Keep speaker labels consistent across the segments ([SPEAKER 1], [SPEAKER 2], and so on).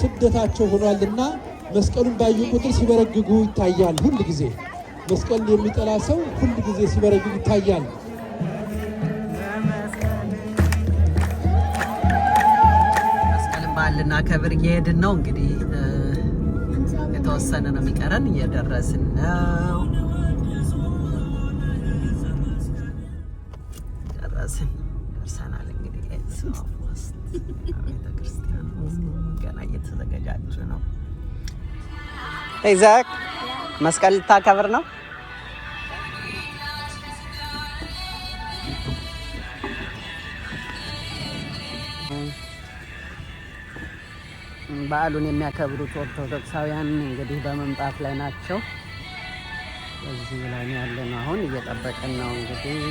[SPEAKER 1] ስደታቸው ሆኗልና መስቀሉን ባዩ ቁጥር ሲበረግጉ ይታያል። ሁል ጊዜ መስቀል የሚጠላ ሰው ሁል ጊዜ ሲበረግግ ይታያል።
[SPEAKER 2] መስቀልን በዓልና ከብር እየሄድን ነው። እንግዲህ የተወሰነ ነው የሚቀረን፣ እየደረስን ነው። ኤግዛክት መስቀል ልታከብር ነው። በዓሉን የሚያከብሩት ኦርቶዶክሳውያን እንግዲህ በመምጣት ላይ ናቸው። እዚህ ላይ ያለ ነው። አሁን እየጠበቅን ነው እንግዲህ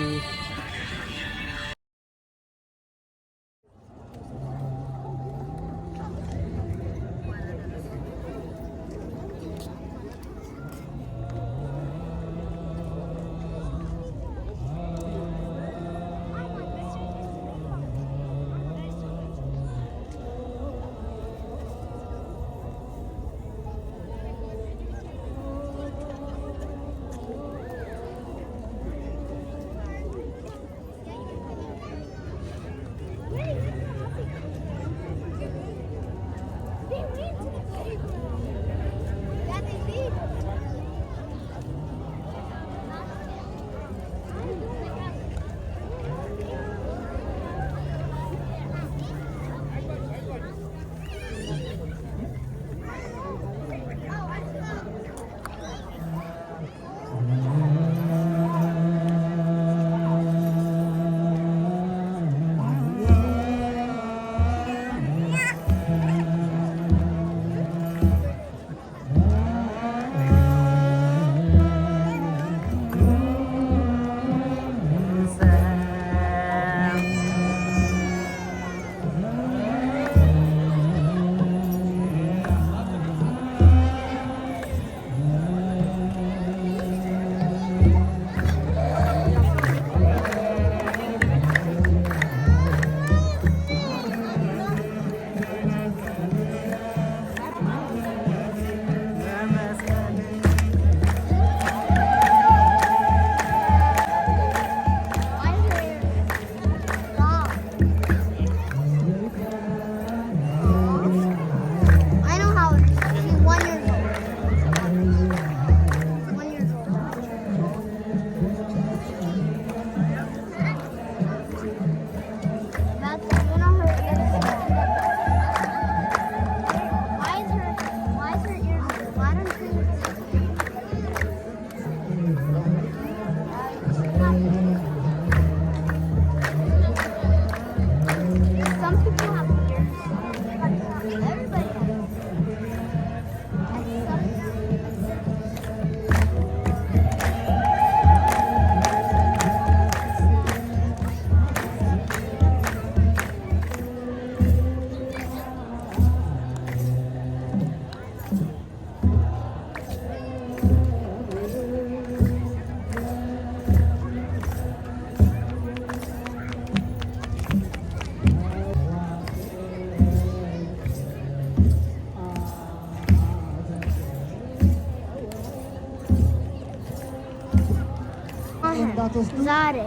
[SPEAKER 2] ዛሬ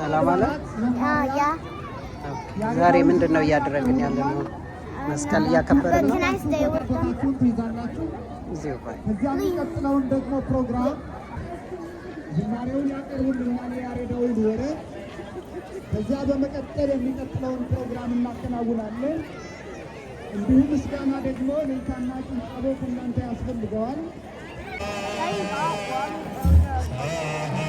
[SPEAKER 2] ሰላም አለ። ዛሬ ምንድን ነው እያደረግን ያለ ነው? መስቀል እያከበርን ነው። የሚቀጥለውን ከዚያ በመቀጠል የሚቀጥለውን ፕሮግራም እናከናውናለን። እንዲሁም ምስጋና ደግሞ ልልታና ከእናንተ ያስፈልገዋል። đấy có ờ, ờ, ờ.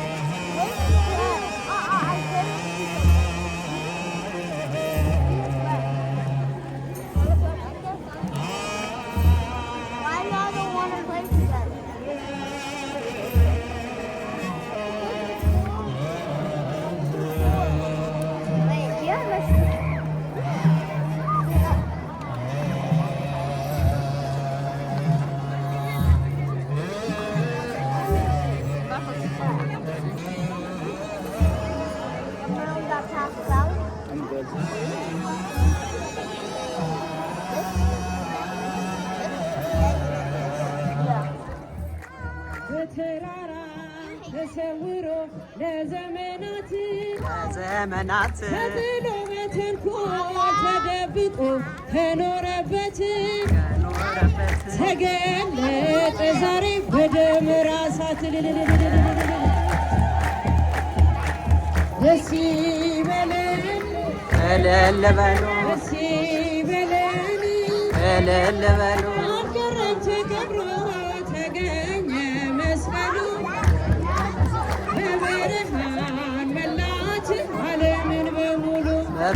[SPEAKER 3] ተሰውሮ ለዘመናት
[SPEAKER 2] ዘመናት
[SPEAKER 3] ተብሎ በተንኮል ተደብቆ ከኖረበት ተገለጠ ዛሬ በደም ራሳት ደስ ይበለን
[SPEAKER 2] እልል በሉ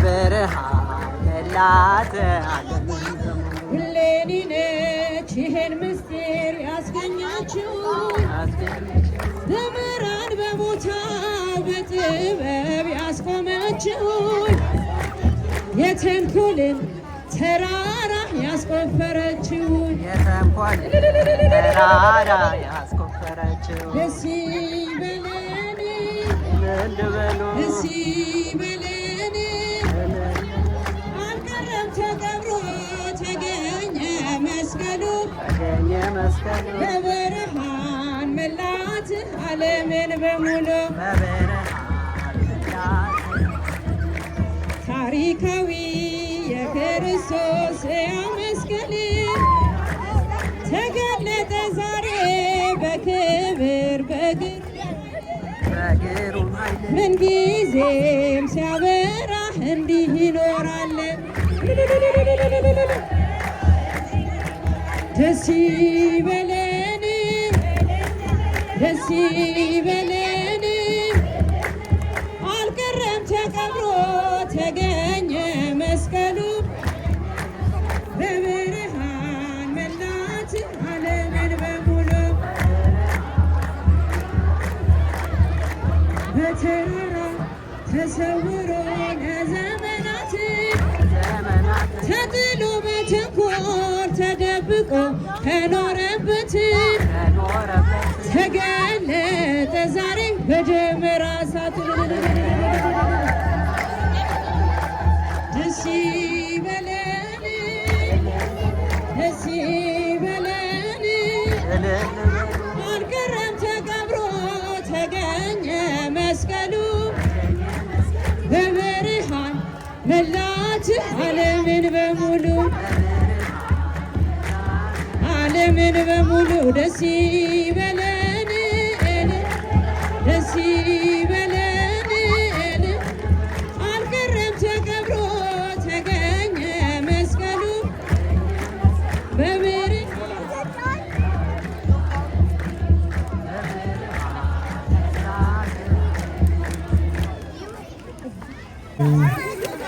[SPEAKER 2] በብርሃን መላተ ዓለም
[SPEAKER 3] ሁሌኒ ነች ይሄን ምስጢር ያስገኛችው ዘመራን በቦታ በጥበብ ያስቆመችው የተንኮልን ተራራ ያስቆፈረችው
[SPEAKER 2] ተራራ ያስቆፈረችው
[SPEAKER 3] ደስ ይበለን ደስ ይበለን በብርሃን መላት ዓለምን በሙሉ ታሪካዊ የክርስቶስ መስቀል ተገለጠ ዛሬ በክብር በግር ምንጊዜም ሲያበራ እንዲህ ይኖራል። ደስ ይበለን ደስ ይበለን አልቀረም ተቀብሮ ተገኘ መስቀሉ በብርሃን መላት ዓለምን በሙሉ በተራራ ተሰው ተራርቆ ከኖረበት ተገለጠ ዛሬ በደመራ ሳት ደስ ይበለን ደስ ይበለን አልቀረም ተቀብሮ ተገኘ መስቀሉ በብርሃን መላች ዓለምን በሙሉ ዓለምን በሙሉ ደስ ይበለን ደስ ይበለን። አልቀረም ተቀብሮ ተገኘ መስቀሉ በብር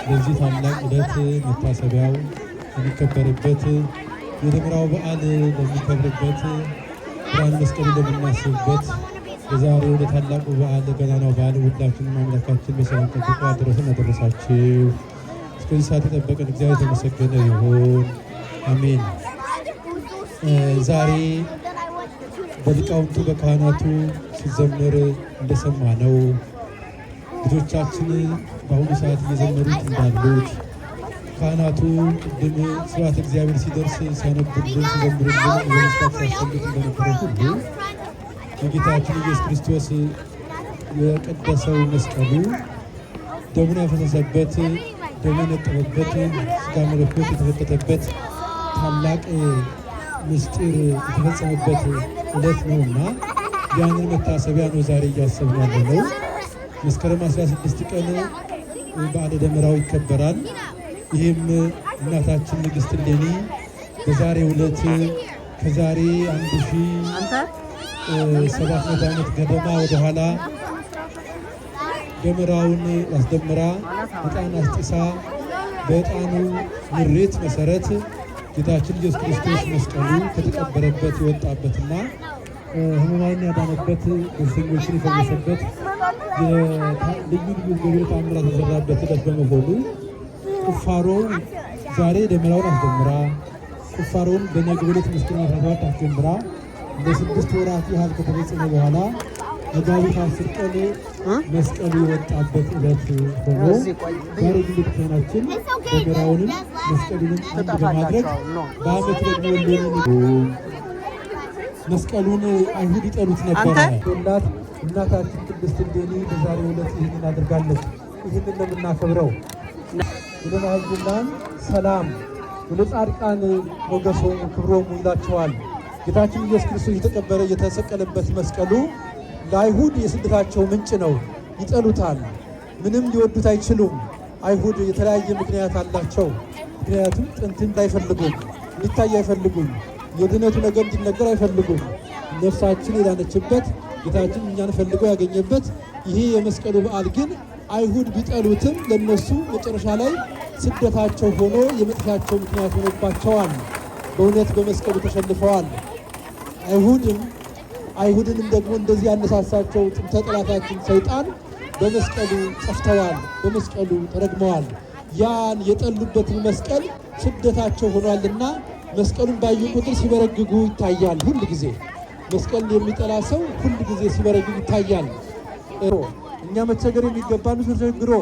[SPEAKER 4] በዚህ ታላቅ ዕለት መታሰቢያው የሚከበርበት የደመራው በዓል በሚከብርበት ብርሃን መስቀሉ እንደምናስብበት በዛሬ ወደ ታላቁ በዓል ገናናው በዓል ሁላችንም አምላካችን በሰላም ጠብቆ አደረሰን አደረሳችሁ። እስከዚህ ሰዓት የጠበቀን እግዚአብሔር የተመሰገነ ይሁን፣ አሜን። ዛሬ በሊቃውንቱ በካህናቱ ሲዘመር እንደሰማ ነው ልጆቻችን በአሁኑ ሰዓት እየዘመሩት እንዳሉት ካህናቱ ቅድም ስርዓት እግዚአብሔር ሲደርስ ሲያነብልን ሲዘምሩልን የመስፋት ሲያስፈልግ ሁሉ በጌታችን ኢየሱስ ክርስቶስ የቀደሰው መስቀሉ ደሙን ያፈሰሰበት ደሙ የነጠበበት ስጋ መለኮት የተፈተተበት ታላቅ ምስጢር የተፈጸመበት ዕለት እና ያንን መታሰቢያ ነው ዛሬ እያሰብን ነው። መስከረም 16 ቀን በዓለ ደመራው ይከበራል። ይህም እናታችን ንግስት እሌኒ በዛሬ ዕለት ከዛሬ አንድ ሺ ሰባት መቶ ዓመት ገደማ ወደኋላ ደመራውን አስደምራ ዕጣን አስጢሳ በዕጣኑ ምሬት መሰረት ጌታችን ኢየሱስ ክርስቶስ መስቀሉ ከተቀበረበት የወጣበትና ሕሙማንን ያዳነበት በሽተኞችን የፈወሰበት ልዩ ልዩ ገቢረ ተአምራት የተሰራበት ዕለት በመሆኑ ቁፋሮ ዛሬ ደመራውን አስጀምራ ቁፋሮውን በነገው ዕለት መስከረም 17 አስጀምራ ለስድስት ወራት ያህል ከተፈጸመ በኋላ መጋቢት አስር ቀን መስቀሉ የወጣበት ዕለት ሆኖ ዛሬ ግልት ሆናችን ደመራውንም መስቀሉንም አንድ በማድረግ በአመት ደግሞ ወለንን መስቀሉን አይሁድ ይጠሉት ነበረ። እናት እናታችን ቅድስት እሌኒ በዛሬው ዕለት ይህንን አድርጋለች። ይህንን ነው የምናከብረው። ለማህዝብናን ሰላም ጻድቃን ሞገሶሙ ክብሮ ሙላቸዋል። ጌታችን ኢየሱስ ክርስቶስ የተቀበረ የተሰቀለበት መስቀሉ ለአይሁድ የስደታቸው ምንጭ ነው። ይጠሉታል፣ ምንም ሊወዱት አይችሉም። አይሁድ የተለያየ ምክንያት አላቸው። ምክንያቱም ጥንት እንዳይፈልጉም እንዲታይ አይፈልጉም፣ የድነቱ ነገር እንዲነገር አይፈልጉም። ነፍሳችን የዳነችበት ጌታችን እኛን ፈልገው ያገኘበት ይሄ የመስቀሉ በዓል ግን አይሁድ ቢጠሉትም ለነሱ መጨረሻ ላይ ስደታቸው ሆኖ የመጥፊያቸው ምክንያት ሆኖባቸዋል። በእውነት በመስቀሉ ተሸንፈዋል። አይሁድም አይሁድንም ደግሞ እንደዚህ ያነሳሳቸው ጥንተ ጠላታችን ሰይጣን በመስቀሉ ጠፍተዋል፣ በመስቀሉ ተረግመዋል። ያን የጠሉበትን መስቀል ስደታቸው ሆኗልና መስቀሉን ባዩ ቁጥር ሲበረግጉ ይታያል። ሁል ጊዜ መስቀል የሚጠላ ሰው ሁል ጊዜ ሲበረግግ ይታያል። እኛ መቸገር የሚገባን ተቸግሮ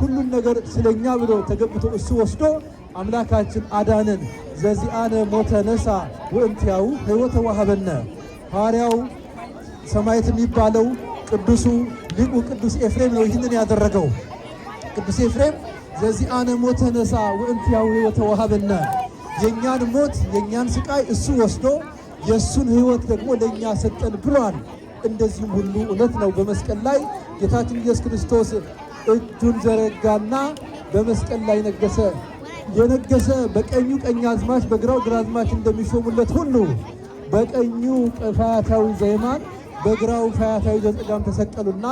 [SPEAKER 4] ሁሉን ነገር ስለኛ ብሎ ተገብቶ እሱ ወስዶ አምላካችን አዳነን ዘዚአነ ሞተ ነሳ ወእንቲያው ሕይወተ ዋሃበነ ሐዋርያው ሰማዕት የሚባለው ቅዱሱ ሊቁ ቅዱስ ኤፍሬም ነው ይህንን ያደረገው። ቅዱስ ኤፍሬም ዘዚአነ ሞተ ነሳ ወእንቲያው ሕይወተ ዋሃበነ የእኛን ሞት የእኛን ስቃይ እሱ ወስዶ የእሱን ሕይወት ደግሞ ለእኛ ሰጠን ብሏል። እንደዚህም ሁሉ እውነት ነው። በመስቀል ላይ ጌታችን ኢየሱስ ክርስቶስ እጁን ዘረጋና በመስቀል ላይ ነገሰ። የነገሰ በቀኙ ቀኝ አዝማች በግራው ግራ ግራዝማች እንደሚሾሙለት ሁሉ በቀኙ ፈያታዊ ዘይማን በግራው ፈያታዊ ዘጸጋም ተሰቀሉና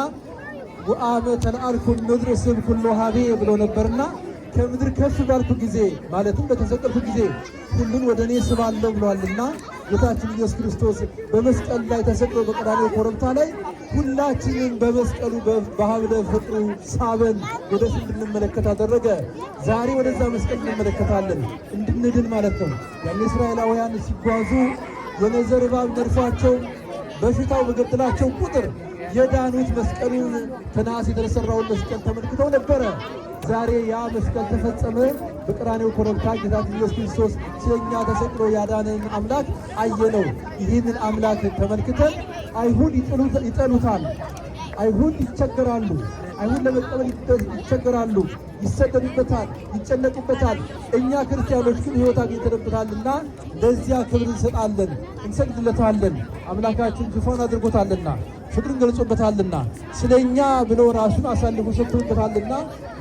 [SPEAKER 4] ወአመ ተለአልኩ ምድር ኩሎ ሀቤ ብሎ ነበርና ከምድር ከፍ ባልኩ ጊዜ ማለትም በተሰቀልኩ ጊዜ ሁሉን ወደ እኔ ስባለሁ ብሏልና ጌታችን ኢየሱስ ክርስቶስ በመስቀል ላይ ተሰቅሎ በቀዳሚ ኮረብታ ላይ ሁላችንን በመስቀሉ በሀብለ ፍቅሩ ሳበን፣ ወደፊት እንድንመለከት አደረገ። ዛሬ ወደዛ መስቀል እንመለከታለን፣ እንድንድን ማለት ነው። ያን እስራኤላውያን ሲጓዙ የነዘር እባብ ነድፏቸው በሽታው በገደላቸው ቁጥር የዳኑት መስቀሉን ከነሐስ የተሰራውን መስቀል ተመልክተው ነበረ። ዛሬ ያ መስቀል ተፈጸመ። በቀራኔው ኮረብታ ጌታችን ኢየሱስ ክርስቶስ ስለኛ ተሰቅሎ ያዳነን አምላክ አየነው። ይህንን አምላክ ተመልክተን አይሁድ ይጠሉታል፣ አይሁድ ይቸገራሉ፣ አይሁድ ለመቀበል ይቸገራሉ፣ ይሰደዱበታል፣ ይጨነቁበታል። እኛ ክርስቲያኖች ግን ሕይወት አግኝተንበታልና ለዚያ ክብር እንሰጣለን፣ እንሰግድለታለን። አምላካችን ዙፋን አድርጎታልና ፍቅርን ገልጾበታልና ስለ እኛ ብሎ ራሱን አሳልፎ ሰጥቶበታልና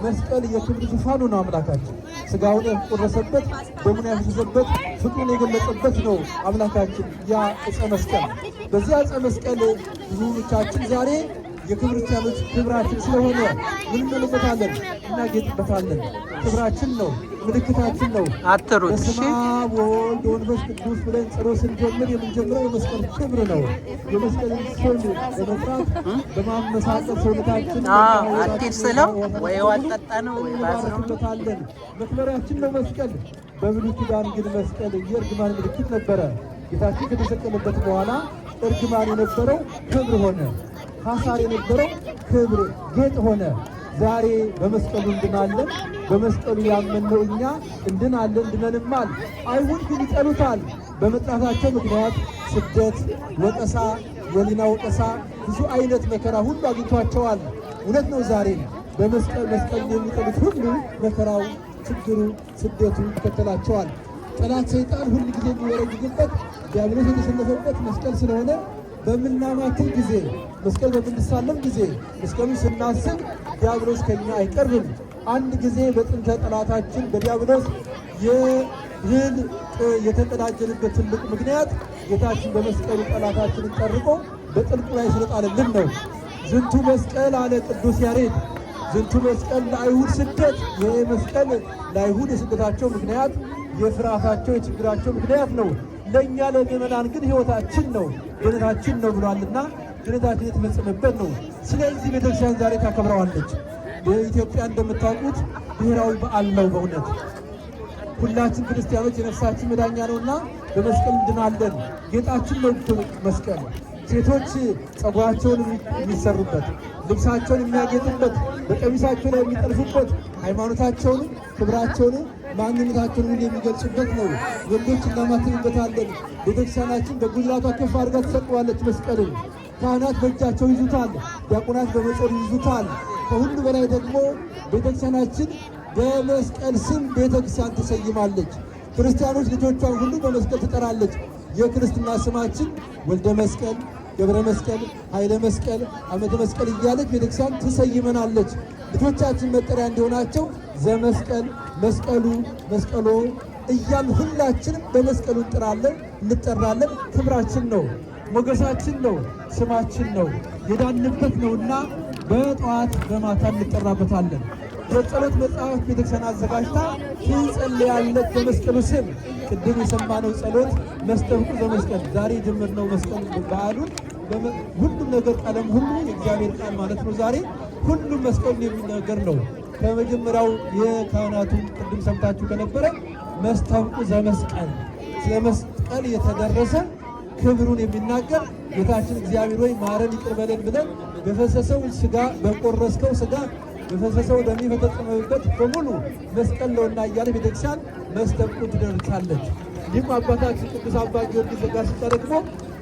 [SPEAKER 4] መስቀል የክብር ዙፋኑ ነው። አምላካችን ስጋውን ያቆረሰበት ደሙን ያፈሰሰበት ፍቅሩን የገለጸበት ነው አምላካችን ያ ዕፀ መስቀል። በዚያ ዕፀ መስቀል ብዙዎቻችን ዛሬ የክርስቲያኖች ክብራችን ስለሆነ እንመለከታለን፣ እናጌጥበታለን። ክብራችን ነው፣ ምልክታችን ነው። አጥሩት በስመ አብ ወወልድ ወመንፈስ ቅዱስ ብለን ጸሎት ስንጀምር የምንጀምረው የመስቀል ክብር ነው። የመስቀል ስም በመፍራት በማመሳቀል ሰውነታችን
[SPEAKER 2] አዲስ ስለው ወይ ዋጠጣ ነው
[SPEAKER 4] መክበሪያችን ነው መስቀል። በብሉይ ኪዳን ግን መስቀል የእርግማን ምልክት ነበረ። ጌታችን ከተሰቀለበት በኋላ እርግማን የነበረው ክብር ሆነ። ሀሳር የነበረው ክብር ጌጥ ሆነ። ዛሬ በመስቀሉ እንድናለን። በመስቀሉ ያመነው እኛ እንድናለን፣ እንድነንማል። አይሁድ ግን ይጠሉታል። በመጥላታቸው ምክንያት ስደት፣ ወቀሳ፣ የሊና ወቀሳ፣ ብዙ አይነት መከራ ሁሉ አግኝቷቸዋል። እውነት ነው። ዛሬ በመስቀል መስቀል የሚጠሉት ሁሉ መከራው፣ ችግሩ፣ ስደቱ ይከተላቸዋል። ጠላት ሰይጣን ሁል ጊዜ የሚወረግግበት ዲያብሎስ የተሸነፈበት መስቀል ስለሆነ በምናማክር ጊዜ መስቀል በምንሳለም ጊዜ መስቀሉ ስናስብ ዲያብሎስ ከኛ አይቀርብም። አንድ ጊዜ በጥንተ ጠላታችን በዲያብሎስ የህል የተቀዳጀንበት ትልቅ ምክንያት ጌታችን በመስቀሉ ጠላታችንን ጠርቆ በጥልቁ ላይ ስለጣለልን ነው። ዝንቱ መስቀል አለ ቅዱስ ያሬድ። ዝንቱ መስቀል ለአይሁድ ስደት፣ ይሄ መስቀል ለአይሁድ የስደታቸው ምክንያት፣ የፍርሃታቸው የችግራቸው ምክንያት ነው። ለእኛ ለምእመናን ግን ሕይወታችን ነው፣ ድነታችን ነው ብሏልና ድኅነታችን የተፈጸመበት ነው። ስለዚህ ቤተክርስቲያን ዛሬ ታከብረዋለች። በኢትዮጵያ እንደምታውቁት ብሔራዊ በዓል ነው። በእውነት ሁላችን ክርስቲያኖች የነፍሳችን መዳኛ ነውና በመስቀል እንድናለን። ጌጣችን ነው መስቀል። ሴቶች ጸጉራቸውን የሚሰሩበት፣ ልብሳቸውን የሚያጌጡበት፣ በቀሚሳቸው ላይ የሚጠልፉበት፣ ሃይማኖታቸውን፣ ክብራቸውን፣ ማንነታቸውን ሁሉ የሚገልጹበት ነው። ወንዶች እናማትንበታለን። ቤተክርስቲያናችን በጉልላቷ ከፍ አድርጋ ትሰቅለዋለች መስቀልን። ካህናት በእጃቸው ይዙታል፣ ዲያቆናት በመጾር ይዙታል። ከሁሉ በላይ ደግሞ ቤተክርስቲያናችን በመስቀል ስም ቤተክርስቲያን ትሰይማለች። ክርስቲያኖች ልጆቿን ሁሉ በመስቀል ትጠራለች። የክርስትና ስማችን ወልደ መስቀል፣ ገብረ መስቀል፣ ኃይለ መስቀል፣ አመተ መስቀል እያለች ቤተክርስቲያን ትሰይመናለች። ልጆቻችን መጠሪያ እንዲሆናቸው ዘመስቀል፣ መስቀሉ፣ መስቀሎ እያል ሁላችንም በመስቀሉ እንጠራለን እንጠራለን። ክብራችን ነው። ሞገሳችን ነው፣ ስማችን ነው፣ የዳንበት ነውና በጠዋት በማታ እንጠራበታለን። የጸሎት መጽሐፍ ቤተክርስቲያን አዘጋጅታ ትጸልያለች በመስቀሉ ስም። ቅድም የሰማነው ጸሎት መስጠብቁ በመስቀል ዛሬ ጀምር ነው መስቀል በዓሉን ሁሉም ነገር ቀለም ሁሉ የእግዚአብሔር ቃል ማለት ነው። ዛሬ ሁሉም መስቀሉን የሚናገር ነው። ከመጀመሪያው የካህናቱን ቅድም ሰምታችሁ ከነበረ መስተብቁ ዘመስቀል ስለ መስቀል የተደረሰ ክብሩን የሚናገር ጌታችን እግዚአብሔር ወይ ማረን ይቅር በለን ብለን በፈሰሰው ስጋ በቆረስከው ስጋ በፈሰሰው ደም በተጠመመበት በሙሉ መስቀል ለውና እያለ ቤተክርስቲያን መስተብቁ ትደርሳለች። ይህም አባታችን ቅዱስ አባ ጊዮርጊስ ዘጋስጫ ደግሞ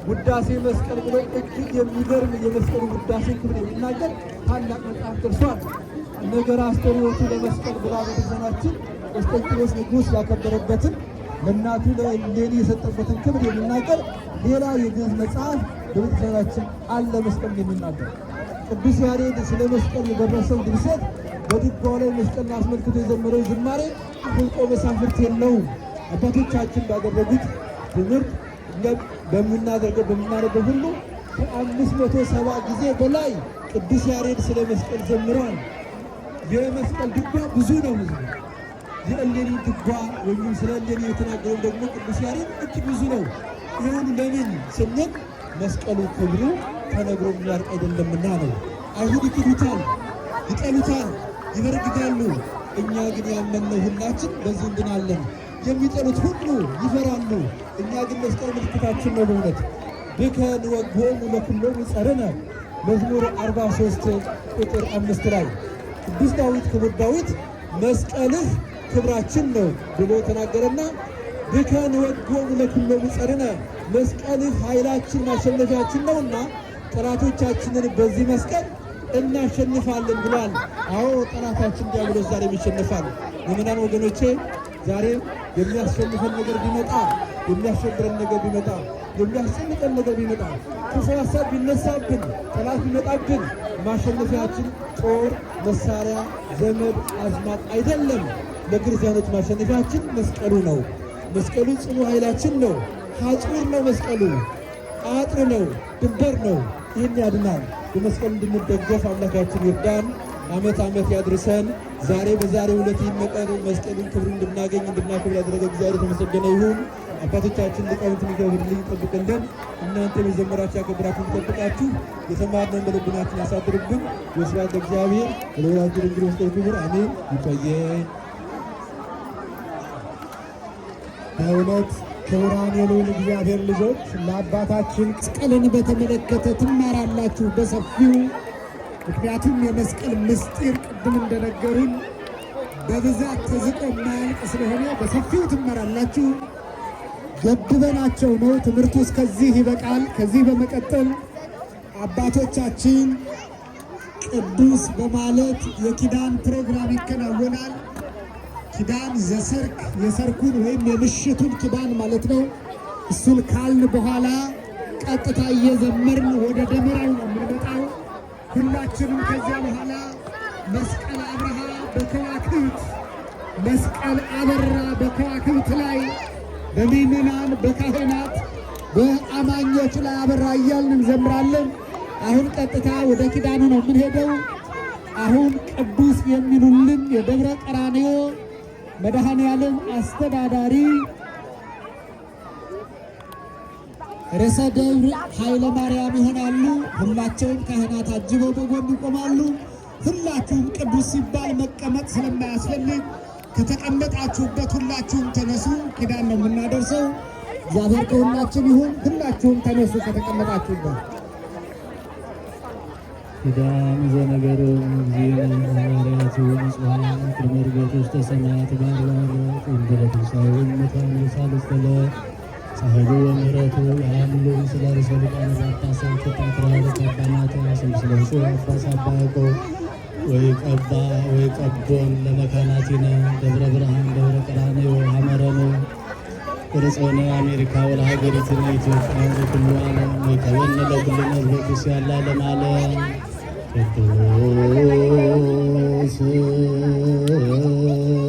[SPEAKER 4] ውዳሴ መስቀል ብሎ እጅግ የሚገርም የመስቀሉ ውዳሴ ክብር የሚናገር ታላቅ መጽሐፍ ደርሷል። ነገር አስተርእዮቱ ለመስቀል ብላ ቤተክርስቲያናችን ቆስጠንጢኖስ ንጉሥ ያከበረበትን ለእናቱ ለእሌኒ የሰጠበትን ክብር የሚናገር ሌላ የግዕዝ መጽሐፍ በቤተሰባችን አለ። መስቀል የሚናገር ቅዱስ ያሬድ ስለ መስቀል የደረሰው ድርሰት በድጓ ላይ መስቀል አስመልክቶ የዘመረው ዝማሬ ፍልቆ መሳፍርት የለውም። አባቶቻችን ባደረጉት ትምህርት በምናደርገው በምናደርገው ሁሉ ከአምስት መቶ ሰባ ጊዜ በላይ ቅዱስ ያሬድ ስለ መስቀል ዘምሯል። የመስቀል ድጓ ብዙ ነው። የእሌኒ ድጓ ወይም ስለ እሌኒ የተናገረው ደግሞ ቅዱስ ያሬድ እጅግ ብዙ ነው። ይሁን ለምን ስንል መስቀሉ ክብሩ ተነግሮ የሚያልቅ አይደለምና ነው። አይሁድ ይክዱታል፣ ይጠሉታል፣ ይበረግጋሉ። እኛ ግን ያመንነው ሁላችን በዚህ እንድናለን። የሚጠሉት ሁሉ ይፈራሉ። እኛ ግን መስቀል ምልክታችን ነው። በእውነት ብከ ንወግሆሙ ለኩሎሙ ጸርነ መዝሙር 43 ቁጥር አምስት ላይ ቅዱስ ዳዊት ክቡር ዳዊት መስቀልህ ክብራችን ነው ብሎ ተናገረና ድከን ወድጎም ለክመቡ ጸርነ መስቀል ኃይላችን ማሸነፊያችን ነውና ጠላቶቻችንን በዚህ መስቀል እናሸንፋለን ብሏል። አዎ ጠላታችን ዲያብሎስ ዛሬም ይሸንፋል። የምናን ወገኖቼ ዛሬ የሚያስፈልፈን ነገር ቢመጣ የሚያስቸግረን ነገር ቢመጣ የሚያስጨንቀን ነገር ቢመጣ ክፉ ሀሳብ ቢነሳብን፣ ጠላት ቢመጣብን ማሸነፊያችን ጦር፣ መሳሪያ፣ ዘመድ አዝማት አይደለም። ለክርስቲያኖች ማሸነፊያችን መስቀሉ ነው። መስቀሉ ጽኑ ኃይላችን ነው። ሐጹር ነው መስቀሉ፣ አጥር ነው፣ ድንበር ነው። ይህን ያድናል። በመስቀሉ እንድንደገፍ አምላካችን ይርዳን። ዓመት ዓመት ያድርሰን። ዛሬ በዛሬ ዕለት ይህን መስቀሉን ክብሩን እንድናገኝ እንድናከብር ያደረገ እግዚአብሔር የተመሰገነ ይሁን። አባቶቻችን ሊቃውንት የሚገብርልኝ ጠብቅልን። እናንተ የዘመራችሁ ያከበራችሁ እንጠብቃችሁ። የተማርነውን በልቡናችን ያሳድርብን። ወስብሐት ለእግዚአብሔር ወለወላዲቱ ድንግል ወለመስቀሉ ክቡር አሜን። ይቆየን። በእውነት ክቡራን የልዑል እግዚአብሔር ልጆች ለአባታችን መስቀልን በተመለከተ ትማራላችሁ በሰፊው ምክንያቱም የመስቀል ምስጢር ቅድም እንደነገሩን በብዛት ተዝቆ የማያልቅ ስለሆነ በሰፊው ትመራላችሁ። ገድበናቸው ነው። ትምህርቱ እስከዚህ ይበቃል። ከዚህ በመቀጠል አባቶቻችን ቅዱስ በማለት የኪዳን ፕሮግራም ይከናወናል። ኪዳን ዘሰርክ የሰርኩን ወይም የምሽቱን ኪዳን ማለት ነው። እሱን ካልን በኋላ ቀጥታ እየዘመርን ወደ ደመራው ነው የምንመጣው። ሁላችንም ከዚያ በኋላ መስቀል አብርሃ በከዋክብት መስቀል አበራ በከዋክብት ላይ በምእመናን በካህናት በአማኞች ላይ አበራ እያልን እንዘምራለን። አሁን ቀጥታ ወደ ኪዳኑ ነው የምንሄደው። አሁን ቅዱስ የሚሉልን የደብረ ቀራንዮ መድሃን ያለም አስተዳዳሪ ርዕሰ ደብር ኃይለ ማርያም ይሆናሉ። ሁላቸውም ካህናት አጅበው በጎን ይቆማሉ። ሁላችሁም ቅዱስ ሲባል መቀመጥ ስለማያስፈልግ ከተቀመጣችሁበት ሁላችሁም ተነሱ። ኪዳን ነው የምናደርሰው። እግዚአብሔር ከሁላችን ይሁን። ሁላችሁም ተነሱ ከተቀመጣችሁበት። ኪዳን ዘነገር ጊዜን ሐዋርያቱ ወምህረቱ የአምሉ ስለ ርሰ ሊቃነ ጳጳሳት ተጠንትራ ተጠባናተ ወይቀባ ወይቀቦን ለመካናቲነ ደብረ ብርሃን ደብረ ቀራንዮ ሀመረኖ ርጾነ አሜሪካ ወለሀገሪትነ ኢትዮጵያ በኩሉ ዓለም ወይከወነ ለኩልነ ህዝበ ክርስቲያን ለዓለም አለ ቅዱስ